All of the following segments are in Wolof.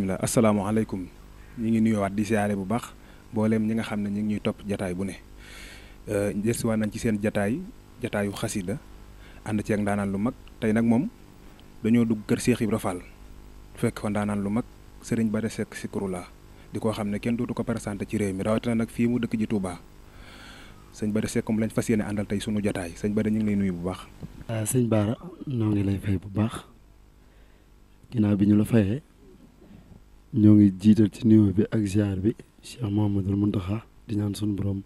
bisimilah asalaamaaleykum ñu ngi nuyuwaat di bu baax mbooleem ñi nga xam ne ñu ngi ñuy topp jataay bu ne euh, desiwaat nañ ci seen jataay jataayu xasida ànd ci ak ndaanaan lu mag tey nag moom dañoo dugg kër Cheikh Ibra Fall fekk fa ndaanaan lu mag sëriñ bare sekk si Zikrulaah di koo xam ne kenn dootu ko présenté ci réew mi rawatina nag fii mu dëkk ji Touba sëñ Bara Seck moom lañ fas yéene àndal tey sunu jataay sëñ Bara ñu ngi lay nuyu bu baax. Euh, sëñ Bara noo ngi lay fay bu baax bi ñu la fayee. ñoo ngi jiital ci nuyoo bi ak ziar bi Cheikh Mouhamadul Mountakha di ñaan suñu borom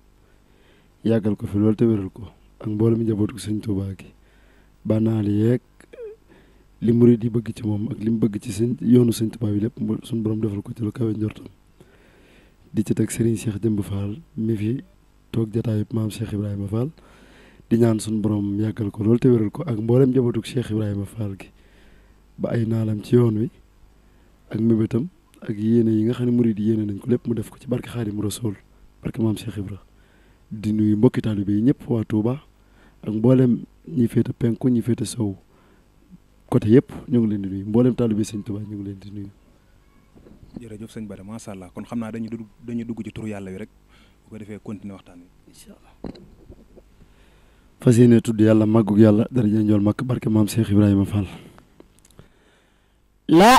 yàggal ko fi loolu te ko ak mboolem njabootu sëñ Tuubaa gi banaal yeeg li murid yi bëgg ci moom ak li mu bëgg ci sëñ yoonu sëñ Tuubaa bi lépp suñu borom defal ko ci lu kawe njortam di ci teg Serigne Cheikh Jëmb Fall mi fi toog jataayub maam Cheikh Ibrahima Fall di ñaan suñu borom yàggal ko loolu te wéral ko ak mboolem njabootu Cheikh Ibrahima Fall gi ba ay naalam ci yoon wi ak mébétam ak yéene yi nga xam ne murid yi yéene nañ ko lépp mu def ko ci barke Xaadim Rasul barke maam Cheikh Ibra di nuyu mbokki taalibe yi ñëpp waa Touba ak mbooleem ñi féete penku ñi féete sow côté yëpp ñu ngi leen di mbooleem mboolem taalibe sëñ Touba ñu ngi leen di nuy jërëjëf sëñ Bada macha allah kon xam naa dañu dugg dañu dugg ci turu yàlla wi rek bu ko defee continuer waxtaan wi. incha allah. fas yéene tudd yàlla màggug yàlla dara jënjool màkk barke maam Cheikh Ibrahima Fall. la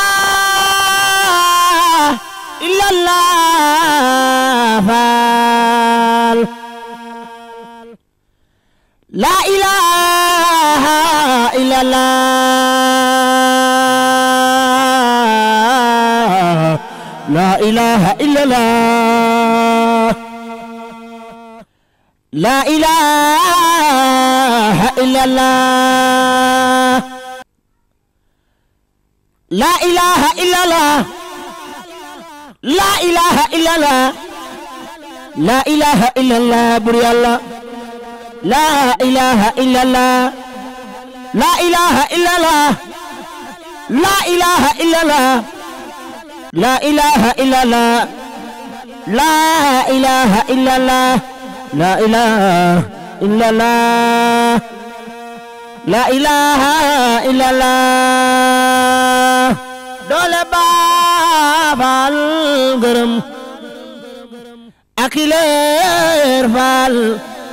لا إله إلا الله لا إله إلا الله لا إله إلا الله لا إله إلا الله لا إله إلا الله بري الله لا إله إلا الله laa ilaaha illallah laa ilaaha illallah laa ilaaha illallah laa ilaaha illallah laa ilaaha illallah laa ilaaha illallah doole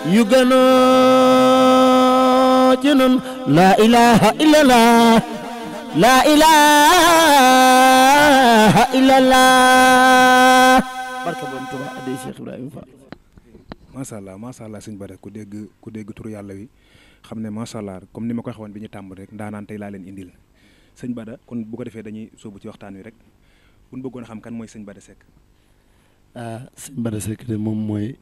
yu gënoo ci nun laa ilaaha illallah laa ilaaha illallah barke ku dégg ku dégg turu yàlla wi xam ne macha allah comme ni ma ko waxoon bi ñu tàmbali rek ndaanaan tey indil sëñ Bara kon bu ko defee dañuy sóobu ci waxtaan wi rek bu bëggoon xam kan mooy sëñ Bara Seck. ah sëñ Bara moom mooy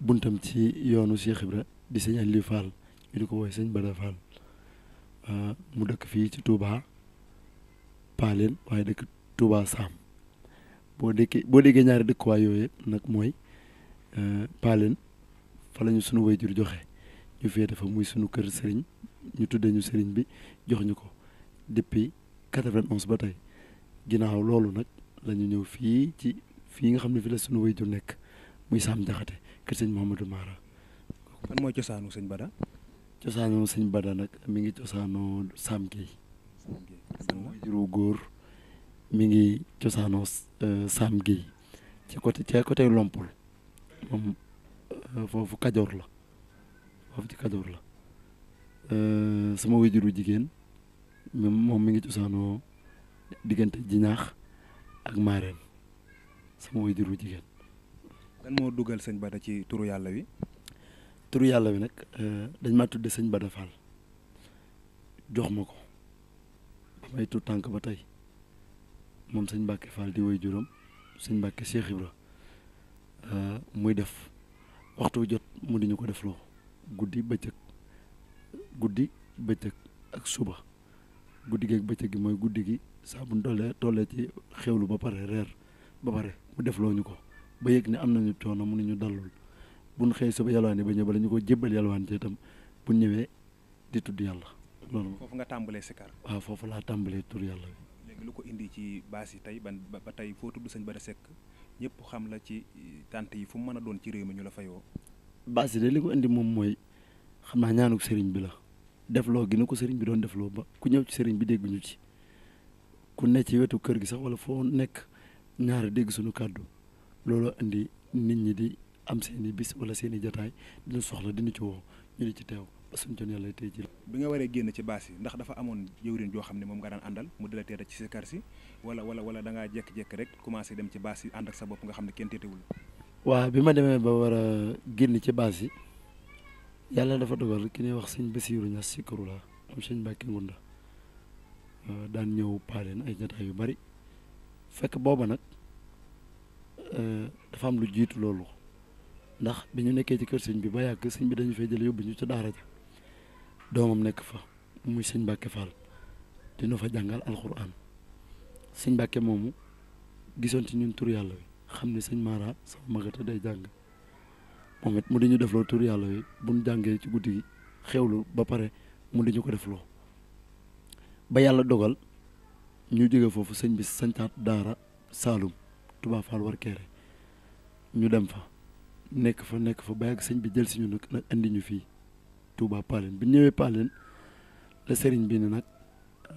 buntam ci yoonu Cheikh Ibra di sëñ Aliou Fall ñu di ko woowee sëñ Bada Fall ah, mu dëkk fii ci Touba Paaleen waaye dëkk Touba Saam boo déggee boo déggee ñaari dëkkuwaay yooyu nag mooy ah, Paaleen fa la sunu sunu wayjur joxe ñu féete fa muy sunu kër seriñ ñu tuddee ñu sëriñ bi jox ñu ko depuis 91 ba tey ginnaaw loolu nag lañu ñëw fii ci fii nga xam ne fi la sunu wayjur nekk muy Saam Jaxate kër sëñ Mouhamadou Mara. fan mooy cosaanu sëñ Bada. cosaanu sëñ Bada nag mi ngi cosaanu Sam Guèye. sama waajuru góor mi ngi cosaanu euh, Sam Guèye ci côté ci côté Lompul moom euh, foofu Kajoor la foofu ci Kajoor la euh, sama waajuru jigéen moom mi ngi cosaanoo diggante Jinaax ak Maareen sama waajuru jigéen. kan moo dugal sëñ Bada ci turu yàlla wi. turu wi nag euh, dañ ma tudde sëñ Bada Fall jox ma ko may tuut tànk ba tey moom sëñ Mbacke Fall di woy juróom sëñ Mbacke Cheikh Ibra euh, muy def waxtu jot mu di ñu ko loo guddi bëccëg guddi bëccëg ak suba guddi gi ak bëccëg gi mooy guddi gi saa bu tollee ci xewlu ba pare reer ba pare mu defloo ñu ko. ba yëg ne am na nañu coono mënuñu dallul buñ xëy sa yalwaani ba ñëw bala ñu ko jébbal yalwaan ci itam bu ñëwee di tudd yàlla loolu foofu nga tàmbalee sikar waaw foofu laa tàmbalee tur yàlla bi lu ko indi ci baas yi tey ban ba tey foo tudd sëñ Bara sekk ñëpp xam la ci tànt yi fu mu mën a doon ci réew mi ñu la fayoo baas yi de li ko indi moom mooy xam naa ñaanuk sëriñ bi la def loo gi na ko sëriñ bi doon defloo ba ku ñëw ci sëriñ bi dégg ñu ci ku ne ci wetu kër gi sax wala foo nekk ñaari dégg suñu kàddu looloo indi nit ñi di am seen i bis wala seen i jotaay dina soxla dina ci woo ñu di ci teew ba suñ jon yàlla tey ji bi nga waree génn ci baas yi ndax dafa amoon jëwriñ joo xam ne moom nga daan àndal mu dila teeta ci sa kar si wala wala wala da ngaa jekk-jekk rek commencé dem ci baas yi ànd ak sa bopp nga xam ne kenn teetewul waa bi ma demee ba war a génn ci baas yi yàlla dafa dogal ki ñuy wax sëñ Basiiru Ñas sikkaru la am sëñ Mbàkke Ngunda daan ñëw paaleen ay jotaay yu bari fekk booba nag Euh, dafa am lu jiitu loolu ndax bi ñu nekkee ci kër sëñ bi ba yàgg sëñ bi dañu fay jële yóbbu ñu ca daara ja doomam nekk fa muy sëñ Mbàkke Fall dina fa jàngal alxuraan sëñ Mbàkke moomu gisoon ci ñun xam ne sëñ Mara sama magata day jàng moom it mu di ñu defloo tur yàlla wi bu ñu jàngee ci guddi gi xewlu ba pare mu di ñu ko loo ba yàlla dogal ñu jóge foofu sëñ bi santaat daara Saalum Touba Fall war Kéré ñu dem fa nekk fa nekk fa bàyyi ak sëñ bi jël si ñu nag nag indi ñu fii Touba Palen bi ñëwee Palen la sëriñ bi ni nag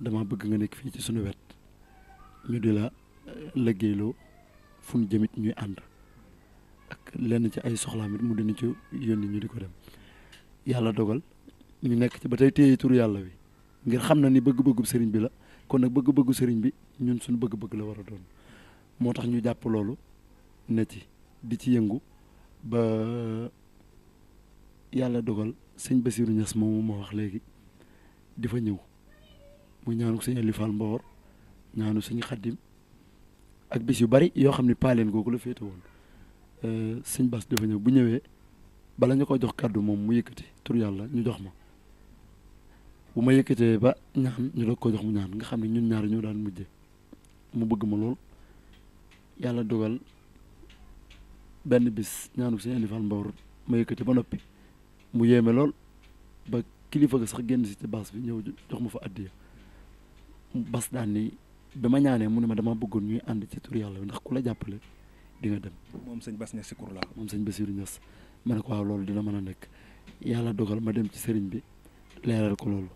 dama bëgg nga nekk fii ci sunu wet ñu di la eh, liggéeyloo fu jëmit ñuy ànd ak lenn ci ay soxlaam it mu dina ci yónni ñu di ko dem yàlla dogal ñu nekk ci ba tey téye yàlla wi ngir xam na ni bëgg-bëggu sëriñ bi la kon nag bëgg-bëggu sëriñ bi ñun suñu bëgg-bëgg la war a doon moo tax ñu jàpp loolu ne ci di ci yëngu ba yàlla dogal sëñ Basiru Ñas moomu ma wax léegi di fa ñëw mu ñaanu sëñ Aliou Fall Mbawor ñaanu sëñ Xaddim ak bis yu bari yoo xam ne paaleen googu la féete woon euh, sëñ Bas dafa ñëw bu ñëwee bala ñu ko jox kàddu moom mu yëkkati tur yàlla ñu jox ma bu ma yëkkatee ba ñaan ñu doog ko jox mu ñaan nga xam ne ñun ñaar ñoo daan mujje mu bëgg ma lool yàlla dogal benn bis ñaanu seen indi fan Mbaor ma yëkkati ba noppi mu yéeme lool ba kilifa ga sax génn si ci baas bi ñëw jox ma fa addiya bas daan ni bi ma ñaanee mu ne ma dama bëggoon ñuy ànd ci tur yàlla ndax ku la jàppale dinga dem. moom sëñ Bass Niass si kur laa. moom sëñ Bassirou Niass ma ne ko waaw loolu dina mën a nekk yàlla dogal ma dem ci sëriñ bi leeral ko loolu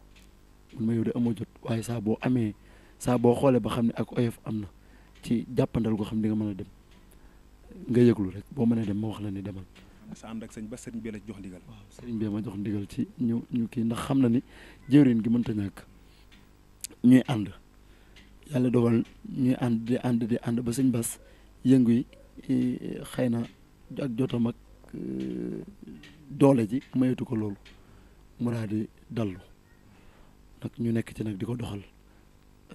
man ma yow de amoo jot waaye saa boo amee saa boo xoolee ba xam ne ak oyof am na ci jàppandal goo xam ne di nga mën a dem nga yëglu rek boo mënee dem ma wax la ni demal. sa ànd ak sëñ ba sëriñ bi la jox ndigal. waaw sëriñ ma jox ndigal ci ñu ñu kii ndax xam na ni jëwriñ gi mënta ñàkk ñuy ànd yàlla dogal ñuy ànd di ànd di ànd ba sañ bas yëngu yi eh, xëy na ak jotam ak eh, doole ji mayatu ko loolu mu daal di dallu nag ñu nekk ci nag di ko doxal.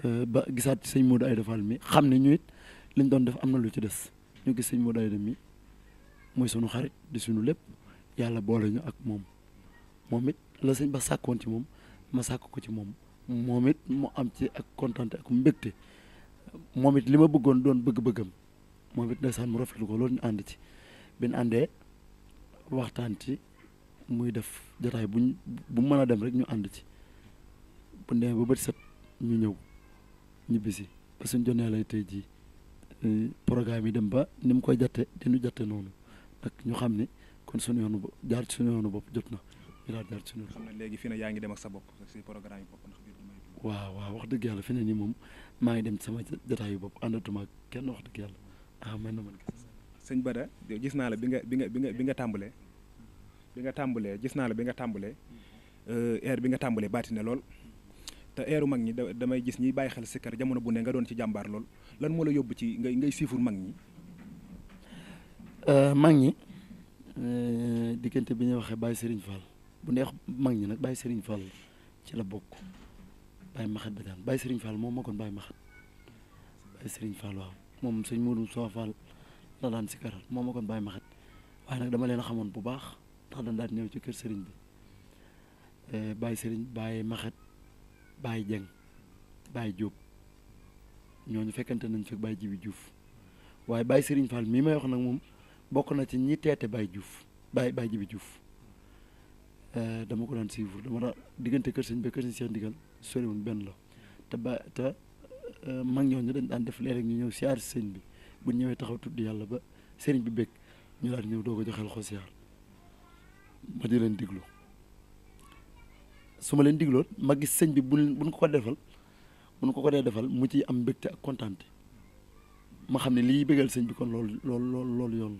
Euh, ba gisaat ci sëñ Modou Aïda Fall mi xam ne ñu it liñ doon def am na lu ci des ñu gis sëñ Modou Aïda mi mooy sunu xarit di sunu lépp yàlla boole ñu ak moom moom it la sëñ ba sàkkoon ci moom ma sàkk ko ci moom moom it mu am ci ak kontante ak mbégte moom it li ma bëggoon doon bëgg-bëggam moom it ndeysaan mu rafetlu ko loolu ñu ànd ci bin àndee waxtaan ci muy def jotaay buñ bu mën a dem rek ñu ànd ci bu ndee ba bët set ñu ñëw ñibbisi ba suñ jonee lay tey jii eh, programme yi dem ba ni koy jatte dinu jatte noonu nag ñu xam ne kon suñu yoonu bopp jaar ci suñu yoonu bopp jot na ñu daal jaar ci suñu léegi fi yaa ngi dem ak sa bopp si programme yi bopp ndax waaw waaw wax dëgg yàlla fi ne nii moom maa ngi dem ci sama jataayu bopp àndatuma kenn wax dëgg yàlla ah man na man sëñ Bada gis naa la bi nga bi nga bi bi nga tàmbalee bi nga tàmbalee gis naa la bi nga tàmbalee heure eh, bi nga tàmbalee baati na lool te eeru mag ñi da damay gis ñiy bàyyi xel sikkar jamono bu ne nga doon ci jàmbaar lool lan moo la yóbbu ci ngay ngay siifur mag ñi. Euh, mag ñi euh, diggante bi ñu waxee Baye Serigne Fall bu neex mag ñi nag bàyyi Serigne Fall ci la bokk Baye Maxat bi daan Baye Serigne Fall moom moo kon Baye Maxat Baye moom sëñ Modou Sow Fall la daan sikkaral moom moo kon maxet Maxat waaye nag dama leen xamoon bu baax ndax dañ daan ñëw ci kër sëriñ bi bàyyi euh, sëriñ Baye maxet Baye Dieng Baye Diop ñooñu fekkante nañ fi Baye Jibi juuf waaye Baye Serigne Fall mii may wax nag moom bokk na ci ñi teete Baye Diouf Baye Baye Jibi Diouf euh, dama ko daan suivre dama daan diggante kër sëñ ba kër sëñ Cheikh Ndigal benn la te ba te euh, mag ñooñu dañ daan def léeg-léeg ñu ñëw siyaar si sëñ bi bu ñëwee taxaw tudd yàlla ba sëriñ bi bëgg ñu daan ñëw doo ko joxel xol siyaar ma di leen diglu su ma leen digloon ma gis sëñ bi bu buñ ko ko defal buñ ko ko dee defal mu ci am mbégte ak kontaante ma xam ne liy bégal sëñ bi kon loolu loolu yoon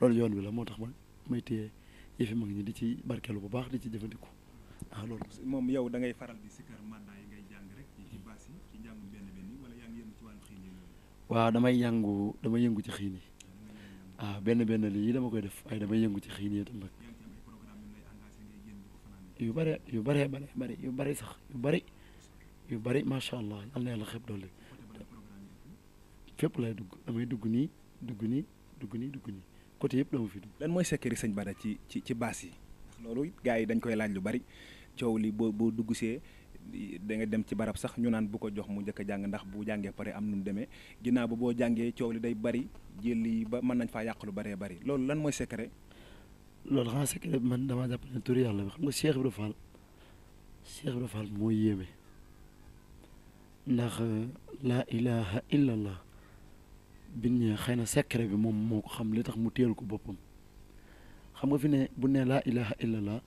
la loolu yoon bi la moo tax ma may téye yëfi mag ñi di ci barkeelu bu baax di ci jëfandiku ah yow da ngay faral jàng rek ci baas waaw damay yëngu dama yëngu ci xiin yi ah benn benn lii dama koy def waaye damay yëngu ci xiin yi itam nag yu bare yu bare bare bëri yu bëri sax yu bëri yu bëri macha allah yal na la xeb doole fépp lay dugg damay dugg nii dugg nii dugg nii dugg nii côté yëpp dama fi dugg. lan mooy secret sañ Bada ci ci ci baas yi loolu gars yi dañ koy laaj lu bëri coow li boo boo dugg see da dem ci barab sax ñu naan bu ko jox mu njëkk jàng ndax bu jàngee pare am nu demee ginnaaw ba boo jàngee coow li day bari jël yi ba mën nañ faa yàq lu bëree bari loolu lan mooy secret. loolu xanaa secret bi man damaa jàpp ne turu yàlla bi xam nga Cheikh Ibra Fall Cheikh Ibra moo yéeme ndax euh, laa ilaha illallah bi ñu xëy na secret bi moom moo ko xam li tax mu téyal ko boppam xam nga fi ne bu ne laa ilaha illallah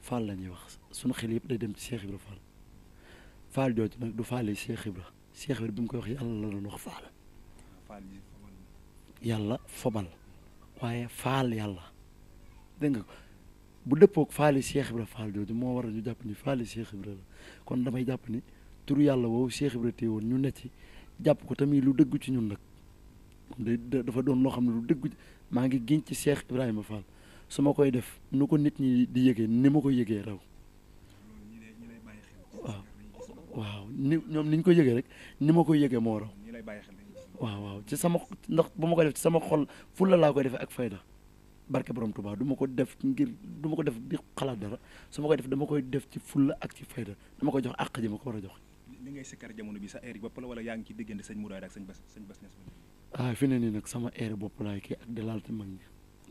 Fall la ñuy wax sunu xel yëpp day dem ci Cheikh Ibra Fall Fall jooju nag du Fall yi Cheikh Ibra Cheikh Ibra bi mu koy wax yàlla la doon wax Fall yàlla fobal waaye Fall yàlla. dégg nga bu dëppoog faali Cheikh Ibra Fall jooju moo war a ñu jàpp ni faali Cheikh Ibra la kon damay jàpp ni turu yàlla woowu seex Ibra tee woon ñu ne ci jàpp ko tamit lu dëggu ci ñun nag dafa doon loo xam ne lu dëggu maa ngi giñ ci Cheikh Ibrahima Fall su ma koy def nu ko nit ñi di yëgee ni ma ko yëgee raw waaw waaw ni ñoom ni ko yëgee rek ni ma ko yëgee moo raw waaw waaw ci sama ndax ba ma koy sama xol fulla laa koy defee ak fayda barke borom Touba du ma ko def ngir du ma ko def di xalaat dara su ma koy def dama koy def ci fulla ak ci fayda dama koy jox àq ji ma ko war a jox. li ngay sikkar jamono bi sa air bopp la wala yaa ngi ci diggante sëñ Mourad ak sëñ Bass sëñ ah, nii nag sama air bopp laay kii ak di laal te mag ñi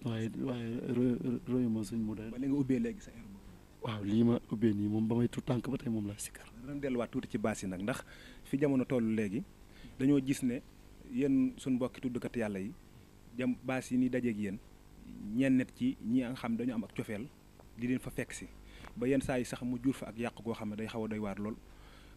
waaye waaye royu ma sëñ Mourad. nga ubbee léegi sa air bopp. waaw lii ma ubbee nii moom ba may tu tànk ba tey moom laa sikkar. danañ delluwaat tuuti ci baas yi nag ndax fi jamono toll léegi dañoo gis ne yéen suñ mbokki tuddkat yàlla yi jam baas yi ni dajeeg yéen ñenn ci ñi nga xam dañu am ak cofeel di leen fa fekk si ba yenn saa yi sax mu jur fa ak yàq goo xam ne day xaw a doy waar lool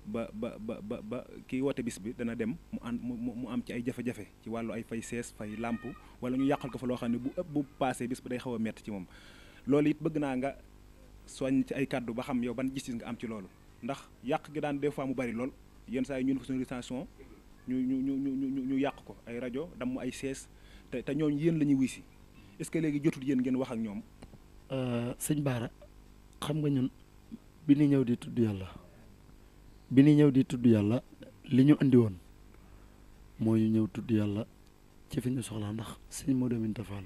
ba ba ba ba ba kii woote bis bi dana dem mu am mu am ci ay jafe-jafe ci wàllu ay fay sees fay làmp wala ñu yàqal ko fa loo xam ne bu ëpp bu paasee bis bi day xaw a metti ci moom loolu it bëgg naa nga soññ ci ay kàddu ba xam yow ban gis nga am ci loolu ndax yàq gi daan des fois mu bari lool yenn saa yi ñun fa suñu rétention ñu ñu ñu ñu ñu yàq ko ay rajo dam ay sees te te ñooñu yéen la ñuy wuy si est-ce que léegi jotul yéen ngeen wax ak ñoom. Euh, sëñ Baara xam nga ñun bi ñu ñëw di tudd yàlla bi ñu ñëw di tudd yàlla li ñu indi woon mooy ñëw tudd yàlla ci fi ñu soxlaa ndax sëñ Modou Minta Fall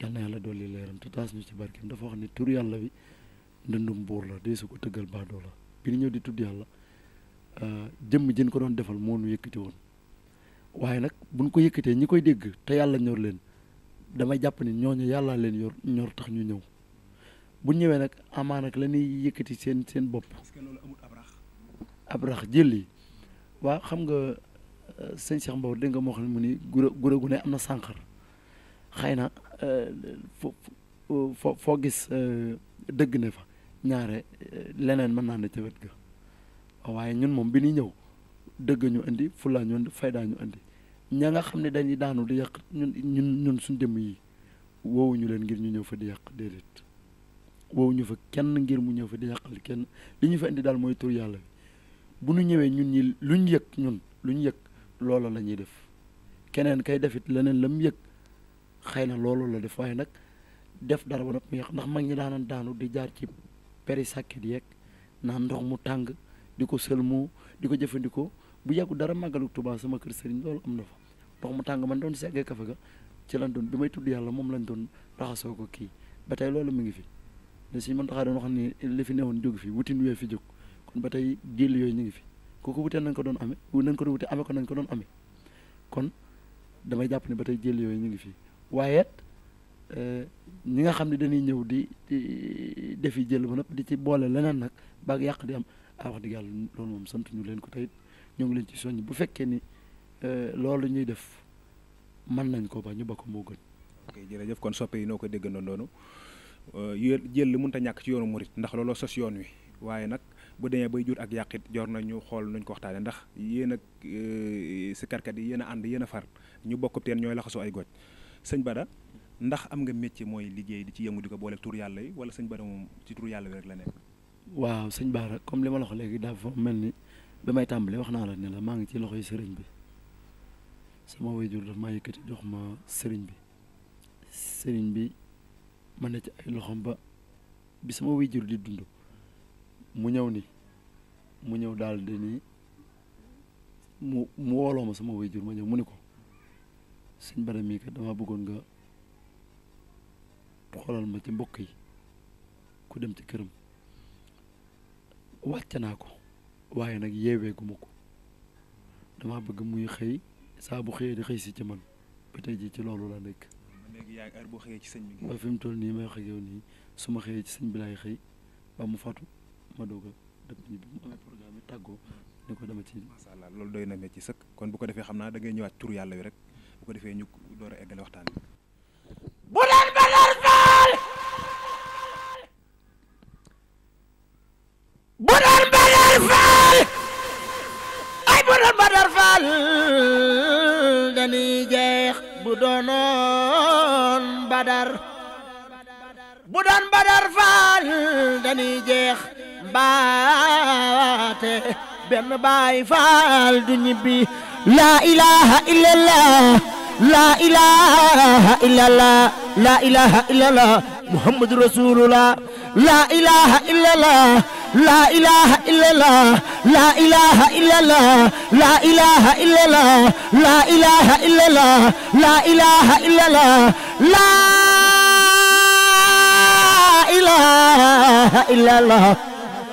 yal na yàlla la leeram te taas ñu ci barkeem dafa wax ne tur yàlla bi ndëndum buur la dee su ko tëggal baadoo la bi ñu ñëw di tudd yàlla euh, jëmm jën ko doon defal moo ñu yëkkati woon waaye nag buñ ko yëkkatee ñi koy dégg te yàlla ñor leen. damay jàpp ni ñooñu yàlla leen yor ñor tax ñu ñëw bu ñëwee nag amaa nag la ñuy yëkkati seen seen bopp. parce que loolu amul abrax. abrax jël yi waa xam nga euh, sëñ Cheikh Mbow dégg nga moo xam ne mu ni gura gura gu ne am na sànqar xëy na euh, fo fo foo gis euh, dëgg ne fa ñaare leneen mën naa ne ca wet ga waaye ñun moom bi ñuy ñëw dëgg ñu indi fulaa ñu indi faydaa ñu indi ña nga xam ne dañuy daanu di yàq ñun ñun ñun suñ dem yi wowuñu leen ngir ñu ñëw fa di yàq déedéet woowuñu fa kenn ngir mu ñëw fa di yàqal kenn li ñu fa indi daal mooy tur yàlla bu ñu ñëwee ñun ñi luñ yëg ñun luñ yëg loola la ñuy def keneen kay defit leneen lam yëg xëy na loolu la def waaye nag def dara ba noppi yàq ndax mag ñi daanan daanu di jaar ci peri sàkket yeeg naa ndox mu tàng di ko sëlmu di ko jëfandikoo bu yàggu dara màggalu Tuubaa sama kër sëriñ loolu am na fa ndox mu tàng man doon seggee kafe ga ci lan doon bi may tudd yàlla moom lañ doon raxasoo ko kii ba tey loolu mi ngi fi ne si mën taxaa doon wax ni li fi newoon jóg fi wutin yooyu fi jóg kon ba tey jéll yooyu ñu ngi fi kooku wutee nañ ko doon amee nañ ko doon wutee amee ko nañ ko doon amee kon damay jàpp ne ba tey jël yooyu ñu ngi fi waaye eh, ñi nga xam ne dañuy ñëw di defi jël ba noppi di ci boole leneen nag baag yàq di am a ah, wax dëgg yàlla loolu moom sant ñu leen ko tey ñu ngi leen ci soññ bu fekkee ni euh, loolu ñuy def mën nañ ko ba ñu bokk ko moo gën. ok jërëjëf kon soppe yi noo ko déggandoo noonu euh, yéen jël li mënut a ñàkk ci yoonu murit ndax looloo sos yoon wi waaye nag bu dee bay jur ak yàqit joor na ñu xool nuñ ko waxtaanee ndax yéen ak euh, sikarkat yi yéen a ànd yéen a far ñu bokk teen ñooy laxasoo ay goj sëñ Bada ndax am nga métier mooy liggéey di ci yëngu di ko boole tur yàlla yi wala sëñ Bada moom ci tur yàlla bi rek la nekk. bi may tàmbali wax naa la ne la maa ngi ci loxoy sëriñ bi sama wayjur daf maa yëkkati jox ma sëriñ bi sëriñ bi man ne ci ay loxoom ba bi sama wayjur di dund mu ñëw ni mu ñëw daal di ni mu mu wooloo ma sama wayjur ma ñëw mu ni ko sëñ bara mii kat dama bëggoon nga xoolal ma ci mbokk yi ku dem ci këram wàcc naa ko waaye nag yeewee gu ma ko damaa bëgg muy xëy saa bu xëyee di xëy si ci man ba tey jii ci loolu la nekk. léegi yaa ngi boo xëyee ci sëñ bi. fi mu toll nii may wax nii su ma xëyee ci sëñ bi laay xëy ba mu fatu ma doog a def ñu bi mu amee programme tàggoo ni ko dama ci. macha allah loolu doy na métti sëkk kon bu ko defee xam naa da ngay ñëwaat tur yàlla wi rek bu ko defee ñu door a eggale waxtaan wi dal dañuy jeex bu doonoon badar bu doon badar jeex mbaate benn baay faal du ñibbi la ilaha illallah لا إله إلا الله لا إله إلا الله محمد رسول الله لا إله إلا الله لا إله إلا الله لا إله إلا الله لا إله إلا الله لا إله إلا الله لا إله إلا الله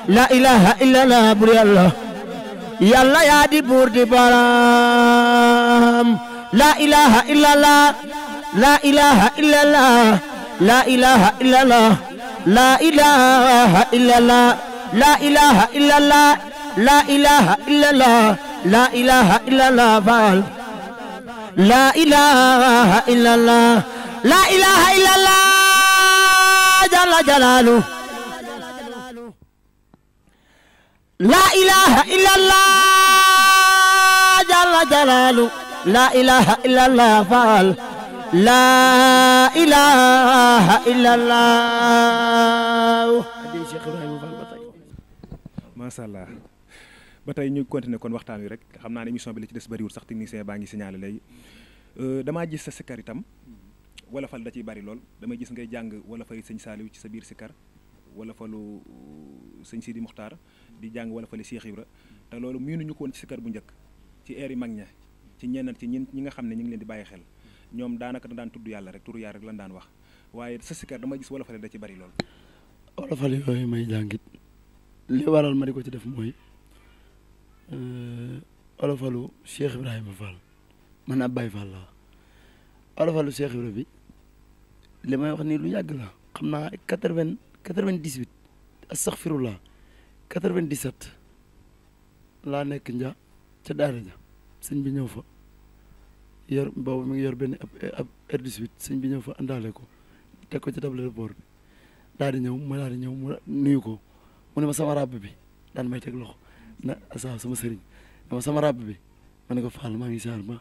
لا إله إلا الله لا إله إلا الله بري الله يلا يا دي بور دي برام لا إله إلا الله لا إله إلا الله لا إله إلا الله لا إله إلا الله لا إله إلا الله لا إله إلا الله لا إله إلا الله فعل لا إله إلا الله لا إله إلا الله جل جلاله لا إله إلا الله جل جلاله لا إله إلا الله فعل لا إله ba tey ñu continuer kon waxtaan wi rek xam naa ne émission bi la ci des bariwul sax technicien baa ngi signalé léegi euh, damaa gis sa sikar itam wala fal da ciy bari lool damay gis ngay jàng wala fay sëñ Saaliw ci sa biir sikar wala falu euh, sëñ Sidi Muxtaar di jàng wala fali Cheikh Ibra te loolu nu ñu kon woon ci sikar bu njëkk ci air mag ña ci ñeneen ci ñi nga xam ne ñu ngi leen di bàyyi xel ñoom daanaka da daan tudd yàlla rek turu yàlla rek lan daan wax waaye sësikar dama gis wolofale da ci bari lool wolofale yooyu may jàngit li waral ma di ko ci def mooy euh, olofalu Cheikh Ibrahima Fall man ab Baye Fall la olofalu Cheikh Ibrahima bi li may wax nii lu yàgg la xam naa quatre vingt quatre vingt dix huit astaghfirullah laa nekk nja ca daara ja sëñ bi ñëw fa yor boobu mi ngi yor benn ab R18 sëñ bi ñëw fa àndaale ko teg ko ci table de bord bi daal di ñëw ma daal di ñëw mu nuyu ko mu ne ma sama ràbb bi daan may teg loxo na saa sama sëriñ ne ma sama ràbb bi ma ne ko Fall maa ngi si ma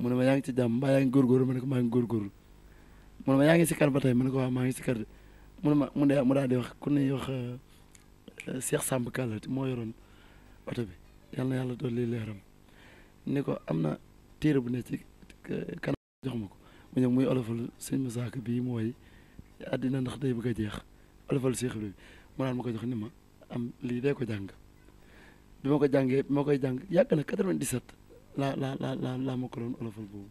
mu ne ma yaa ngi ci jàmm mbaa yaa ngi góorgóorlu ma ne ko maa ngi góorgóorlu mu ma yaa ngi si kar ba ma ne ko waaw maa ngi si kar mu ma mu ne daal di wax ku ne wax euh, euh, Cheikh Samb Kalla moo yoroon oto bi yal na yàlla dolli leeram ni ko am na téere bu ne ci kan jox ma ko mu ñëw muy olofal sëñ Moussa Ka bii mooy àddina ndax day bëgg a jeex olofal Seex Ibra ma ko jox ni ma am lii dee ko jàng bi ko jàngee bi koy jàng yàgg na 97 laa la la la laa ma ko doon boobu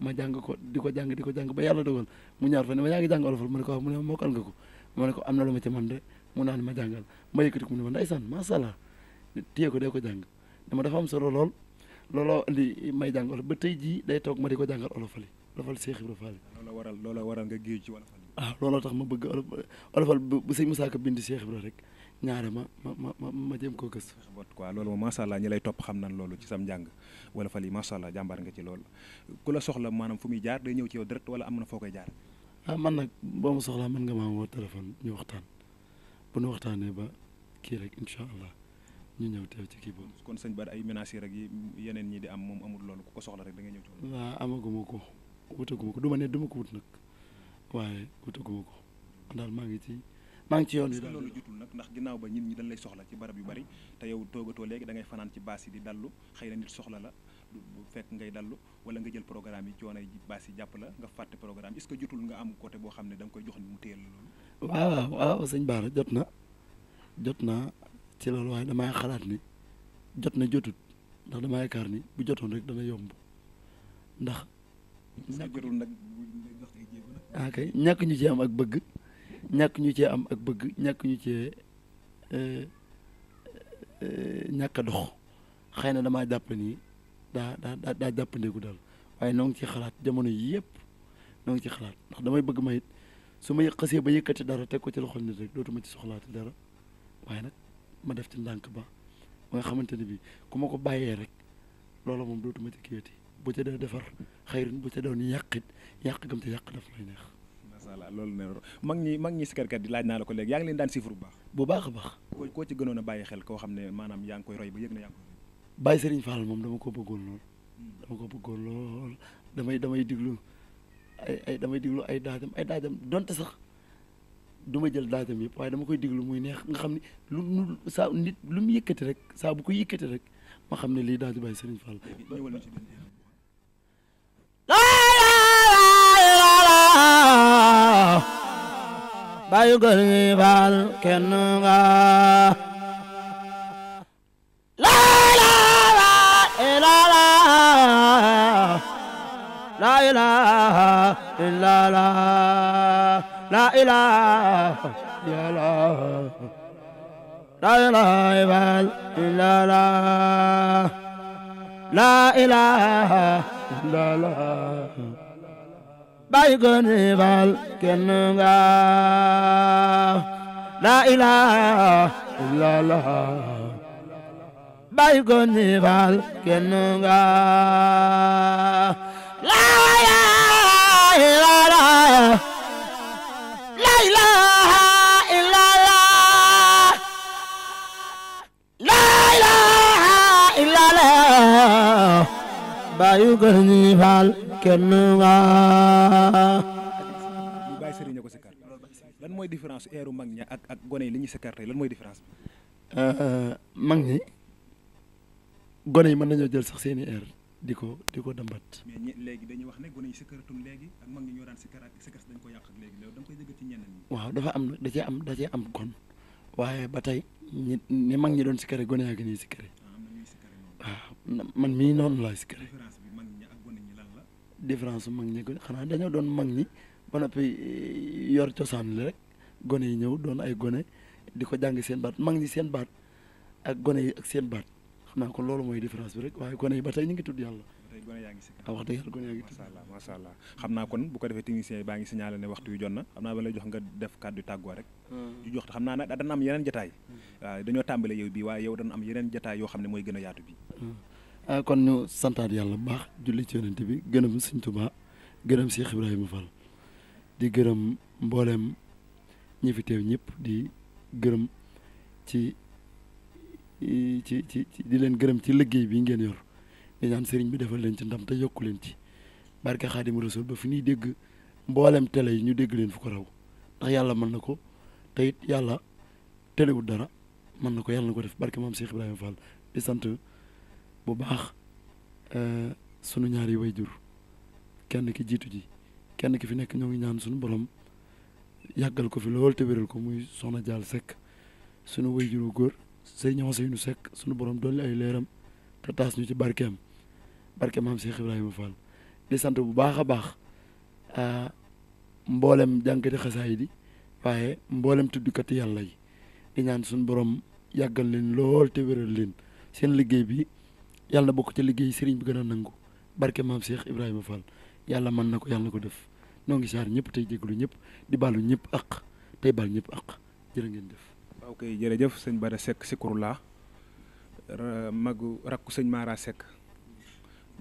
ma jàng ko di ko jàng ko jàng ba yàlla dogal mu ñaar fa ne ma yaa ngi jàng olofal ma ne ko wax mu ne mokkal nga ko ma ne ko am lu ma ci man de mu naan ma jàngal ma yëkkati ko mu ne ma ndeysaan macha ko dee ko jàng dama am solo lool looloo indi may jàng olof ba tey jii day toog ma di ko jàngal olofali olofal Seex Ibra Faal looloo waral looloo waral nga géej ci olofal ah, looloo tax ma bëgg olofal bu sëñ Musaa Ka bind Seex Ibra rek ñaare ma ma ma jëm jéem koo gëstu. waaw loolu moom macha allah ñi lay topp xam nañ loolu ci sam njàng wala fali macha allah jàmbaar nga ci loolu ku la soxla maanaam fu muy jaar day ñëw ci yow direct wala am na foo koy jaar. ah man nag boo ma soxlaa nga maa woo téléphone ñu waxtaan bu ñu waxtaanee ba kii rek incha allah. ñu ñëw teew ci kii boobu. kon sëñ Bara ay menaces rek yi yeneen ñi di am moom amul loolu ku ko soxla rek da ngay ñëw ci loolu. waaw amaguma ko wutaguma ko du ma ne duma ko wut nag waaye wutaguma ko daal maa ngi ci maa ngi ci yoon bi daal loolu nag ndax ginnaaw ba nit ñi dañ lay soxla ci barab yu bari te yow toogatoo léegi da ngay fanaan ci baas yi di dallu xëy na nit soxla la bu fekk ngay dallu wala nga jël programme yi coono yi baas yi jàpp la nga fàtte programme est-ce que jotul nga am côté boo xam ne da koy jox mu téel loolu. waaw waaw sëñ Bara jot na jot naa ci loolu waaye damaa xalaat ni jot na jotut ndax damaa yaakaar ni bu jotoon rek dana yomb ndax. ah kay ñàkk ñu ci am ak bëgg ñàkk ñu ci am ak bëgg ñàkk ñu cee euh, euh, ñàkk a dox xëy na damaa jàpp ni daa daa daa jàppandeku daal waaye noo ci xalaat jamono yëpp noo ngi ci xalaat ndax damay bëgg ma it su ma xasee ba yëkkati dara te ko ci loxol nit rek dootuma ci soxlaati dara waaye nag. ma def ci ndànk ba ba nga xamante ne bi ku ma ko bàyyee rek loola moom dootuma ci kiyati bu ca dee defar xayrin bu ca doon yàqit yàq gam te yàq daf lay neex macha allah loolu ne mag ñi mag ñi sikarkat di laaj naa la ko léegi yaa ngi leen daan siifur bu baax bu baax a baax koo ci gënoon bàyyi xel koo xam ne maanaam yaa ngi koy roy ba yëg na yaa ngi koy bàyyi moom dama ko bëggoon lool hmm. dama ko bëggoon lool damay damay diglu damay diglu ay daajam ay daajam donte sax duma jël daatam yëpp waaye dama koy déglu muy neex nga xam ne lu saa nit lu mu yëkkati rek saa bu ko yëkkati rek ma xam ne lii daal di bàyyi Serigne Fall. bàyyi góor mi Fall kenn nga. لا إله إلا الله لا إله إلا الله لا إله إلا الله بايغني بالكنغا لا إله إلا الله بايغني بالكنغا لا إله إلا الله baayu gër ñi faal kenn lan mooy différence eeru mag ña ak ak gone yi li ñuy sikkar tey lan mooy différence bi euh, mag ñi gone yi mën nañoo jël sax seeni eer di ko di ko dëmbat. mais léegi dañuy wax ne gone yi sikaratum léegi ak mag ñi ñoo daan sikar ak sikar dañ ko yàq ak léegi da nga koy dégg ci ñeneen ñi. waaw dafa am da cee am da cee am kon waaye ba tey ñi ni mag ñi doon sikare gone yaa ngi nii sikare. waaw ah, ah, man mii noonu laay sikare. différence bi mag ñi ak gone ñi lan la. différence mag ñi gone xanaa dañoo doon mag ñi ba noppi eh, yor cosaan la rek gone yi ñëw doon ay gone di ko jàng seen baat mag ñi seen baat ak gone yi ak seen baat. xam naa ko loolu mooy différence bi rek waaye gone yi ba tey ñu ngi tudd yàlla waaw ah, wax dëgg yàlla gone yaa ngi tudd yàlla macha allah xam naa kon bu ko defee technicien baa ngi signalé ne waxtu yu jot na xam naa ba lay jox nga kàddu tàggoo rek ju hmm. jox xam naa nag dana am yeneen jataay hmm. waaw dañoo tàmbale yow bi waaye yow dana am yeneen jataay yoo xam ne mooy gën a yaatu bi hmm. ah kon ñu santaat yàlla bu baax julli ci yonent bi gërëm sëñ Tuubaa gërëm Cheikh Ibrahima Fall di gërëm mbooleem ñi fi teew ñëpp di gërëm ci ci ci di leen gërëm ci liggéey bi ngeen yor di ñaan sëriñ bi defal leen ci ndam te yokku leen ci barke Xaadimu Rasuul ba fi ñuy dégg mboolem tele yi ñu dégg leen fu ko raw ndax yàlla mën na ko te it yàlla téléwul dara mën na ko yàlla na ko def barke maam Cheikh Ibrahima Fall di sant bu baax eh, sunu ñaari way wayjur kenn ki jiitu ji kenn ki fi nekk ñoo ngi ñaan sunu borom yàggal ko fi lool te wéral ko muy soxna Jaal Sekk sunu wayjuru góor sëriñ Ñaŋ Seydou sekk sunu borom dolli ay leeram te taas ñu ci barkeem barke maam Cheikh Ibrahima Fall di sant bu baax a baax mboolem jànkati xasaay di waaye mboolem tuddukati yàlla yi di ñaan suñu borom yàggal leen lool te wéral leen seen liggéey bi yàlla bokk ci liggéey sëriñ bi gën a nangu barke maam Cheikh Ibrahima Fall yàlla mën na ko yàlla na ko def noo ngi saar ñëpp tey jégalu ñëpp di baalu ñëpp ak tey baal ñëpp ak jërë ngeen def. ok jërëjëf sëñ Bara sekk Seck Sikurula magu rakku sëñ maara Seck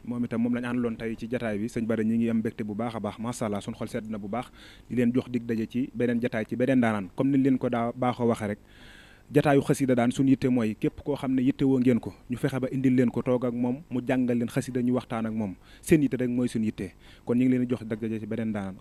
moom itam moom lañ loon tey ci jataay bi sëñ Bara ñi ngi am mbégte bu baax a baax macha allah suñ xol sedd na bu baax di leen jox dig daje ci beneen jataay ci beneen daanaan comme niñ leen ko daa baaxoo waxee rek jataayu xasida daan suñu yitte mooy képp koo xam ne yitte woo ngeen ko ñu fexe ba indi leen ko toog ak moom mu jàngal leen xasida ñu waxtaan ak moom seen yitte rek mooy suñu yitte kon ñu ngi leen jox dag daje ci beneen daanaan